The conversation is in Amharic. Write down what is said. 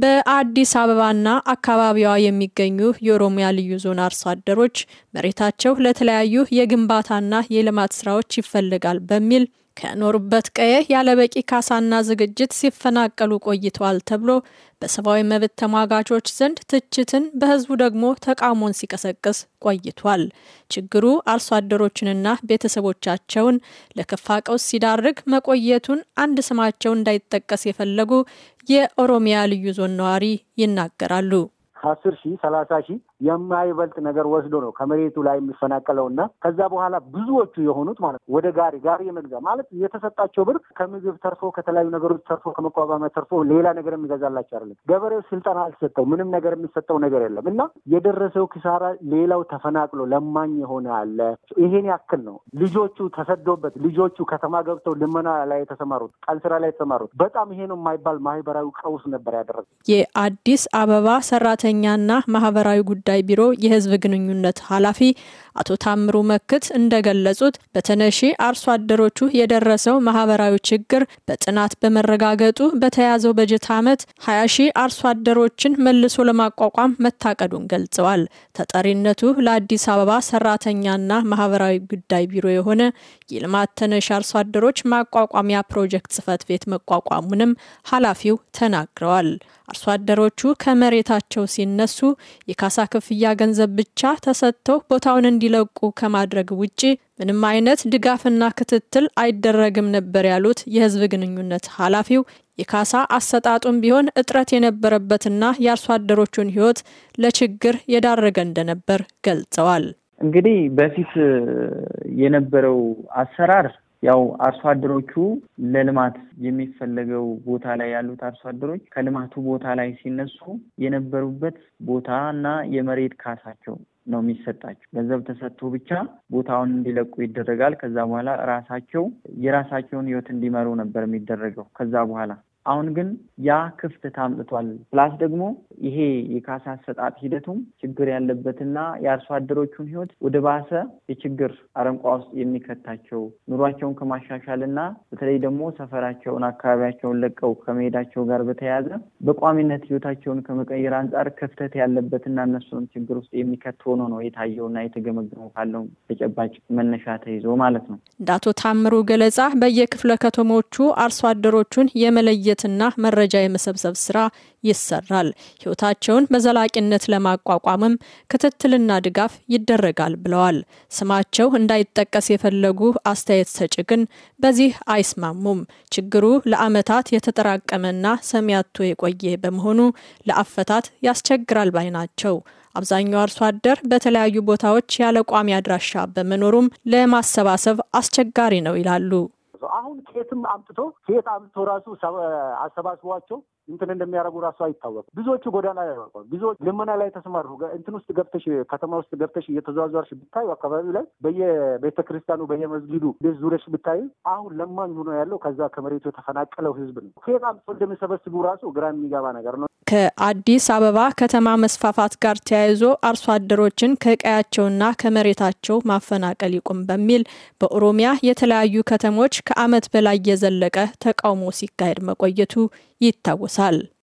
በአዲስ አበባና አካባቢዋ የሚገኙ የኦሮሚያ ልዩ ዞን አርሶ አደሮች መሬታቸው ለተለያዩ የግንባታና የልማት ስራዎች ይፈልጋል በሚል ከኖሩበት ቀየ ያለበቂ ካሳና ዝግጅት ሲፈናቀሉ ቆይተዋል ተብሎ በሰብአዊ መብት ተሟጋቾች ዘንድ ትችትን በህዝቡ ደግሞ ተቃውሞን ሲቀሰቅስ ቆይቷል። ችግሩ አርሶ አደሮችንና ቤተሰቦቻቸውን ለከፋ ቀውስ ሲዳርግ መቆየቱን አንድ ስማቸው እንዳይጠቀስ የፈለጉ የኦሮሚያ ልዩ ዞን ነዋሪ ይናገራሉ። አስር ሺህ ሰላሳ ሺህ የማይበልጥ ነገር ወስዶ ነው ከመሬቱ ላይ የሚፈናቀለው እና ከዛ በኋላ ብዙዎቹ የሆኑት ማለት ወደ ጋሪ ጋሪ የመግዛ ማለት የተሰጣቸው ብር ከምግብ ተርፎ ከተለያዩ ነገሮች ተርፎ ከመቋቋሚያ ተርፎ ሌላ ነገር የሚገዛላቸው አይደለም። ገበሬው ስልጠና አልሰጠው ምንም ነገር የሚሰጠው ነገር የለም እና የደረሰው ኪሳራ ሌላው ተፈናቅሎ ለማኝ የሆነ አለ። ይሄን ያክል ነው። ልጆቹ ተሰዶበት ልጆቹ ከተማ ገብተው ልመና ላይ የተሰማሩት ቀን ስራ ላይ የተሰማሩት በጣም ይሄ ነው የማይባል ማህበራዊ ቀውስ ነበር ያደረገ የአዲስ አበባ ሰራተኛና ማህበራዊ ጉዳይ ጉዳይ ቢሮ የህዝብ ግንኙነት ኃላፊ አቶ ታምሩ መክት እንደገለጹት በተነሺ አርሶ አደሮቹ የደረሰው ማህበራዊ ችግር በጥናት በመረጋገጡ በተያዘው በጀት ዓመት 20 ሺህ አርሶ አደሮችን መልሶ ለማቋቋም መታቀዱን ገልጸዋል። ተጠሪነቱ ለአዲስ አበባ ሰራተኛና ማህበራዊ ጉዳይ ቢሮ የሆነ የልማት ተነሺ አርሶ አደሮች ማቋቋሚያ ፕሮጀክት ጽህፈት ቤት መቋቋሙንም ኃላፊው ተናግረዋል። አርሶ አደሮቹ ከመሬታቸው ሲነሱ የካሳ ክፍያ ገንዘብ ብቻ ተሰጥተው ቦታውን እንዲለቁ ከማድረግ ውጪ ምንም አይነት ድጋፍና ክትትል አይደረግም ነበር ያሉት የህዝብ ግንኙነት ኃላፊው የካሳ አሰጣጡም ቢሆን እጥረት የነበረበትና የአርሶ አደሮቹን ህይወት ለችግር የዳረገ እንደነበር ገልጸዋል። እንግዲህ በፊት የነበረው አሰራር ያው አርሶ አደሮቹ ለልማት የሚፈለገው ቦታ ላይ ያሉት አርሶ አደሮች ከልማቱ ቦታ ላይ ሲነሱ የነበሩበት ቦታ እና የመሬት ካሳቸው ነው የሚሰጣቸው። ገንዘብ ተሰጥቶ ብቻ ቦታውን እንዲለቁ ይደረጋል። ከዛ በኋላ ራሳቸው የራሳቸውን ሕይወት እንዲመሩ ነበር የሚደረገው። ከዛ በኋላ አሁን ግን ያ ክፍተት አምጥቷል። ፕላስ ደግሞ ይሄ የካሳ አሰጣጥ ሂደቱም ችግር ያለበትና የአርሶ አደሮቹን ህይወት ወደ ባሰ የችግር አረንቋ ውስጥ የሚከታቸው ኑሯቸውን ከማሻሻልና በተለይ ደግሞ ሰፈራቸውን፣ አካባቢያቸውን ለቀው ከመሄዳቸው ጋር በተያያዘ በቋሚነት ህይወታቸውን ከመቀየር አንጻር ክፍተት ያለበትና እነሱንም ችግር ውስጥ የሚከት ሆኖ ነው የታየውና የተገመገመው ካለው ተጨባጭ መነሻ ተይዞ ማለት ነው። እንደ አቶ ታምሩ ገለጻ በየክፍለ ከተሞቹ አርሶ አደሮቹን የመለየት የማደራጀትና መረጃ የመሰብሰብ ስራ ይሰራል። ህይወታቸውን በዘላቂነት ለማቋቋምም ክትትልና ድጋፍ ይደረጋል ብለዋል። ስማቸው እንዳይጠቀስ የፈለጉ አስተያየት ሰጭ ግን በዚህ አይስማሙም። ችግሩ ለዓመታት የተጠራቀመና ሰሚ የቆየ በመሆኑ ለአፈታት ያስቸግራል ባይ ናቸው። አብዛኛው አርሶ አደር በተለያዩ ቦታዎች ያለ ቋሚ አድራሻ በመኖሩም ለማሰባሰብ አስቸጋሪ ነው ይላሉ። ሰው አሁን ከየትም አምጥቶ ከየት አምጥቶ ራሱ አሰባስቧቸው እንትን እንደሚያደርጉ ራሱ አይታወቅም። ብዙዎቹ ጎዳና ላይ ወርቋል። ብዙዎች ልመና ላይ ተሰማሩ። እንትን ውስጥ ገብተሽ ከተማ ውስጥ ገብተሽ እየተዘዋዘርሽ ብታይ አካባቢ ላይ በየቤተ ክርስቲያኑ በየመስጊዱ ዙረሽ ብታዩ አሁን ለማኝ ሆኖ ያለው ከዛ ከመሬቱ የተፈናቀለው ህዝብ ነው። ከየት አምጥቶ እንደሚሰበስቡ ራሱ ግራ የሚገባ ነገር ነው። ከአዲስ አበባ ከተማ መስፋፋት ጋር ተያይዞ አርሶ አደሮችን ከቀያቸውና ከመሬታቸው ማፈናቀል ይቁም በሚል በኦሮሚያ የተለያዩ ከተሞች ከዓመት በላይ የዘለቀ ተቃውሞ ሲካሄድ መቆየቱ ይታወሳል። الاتصال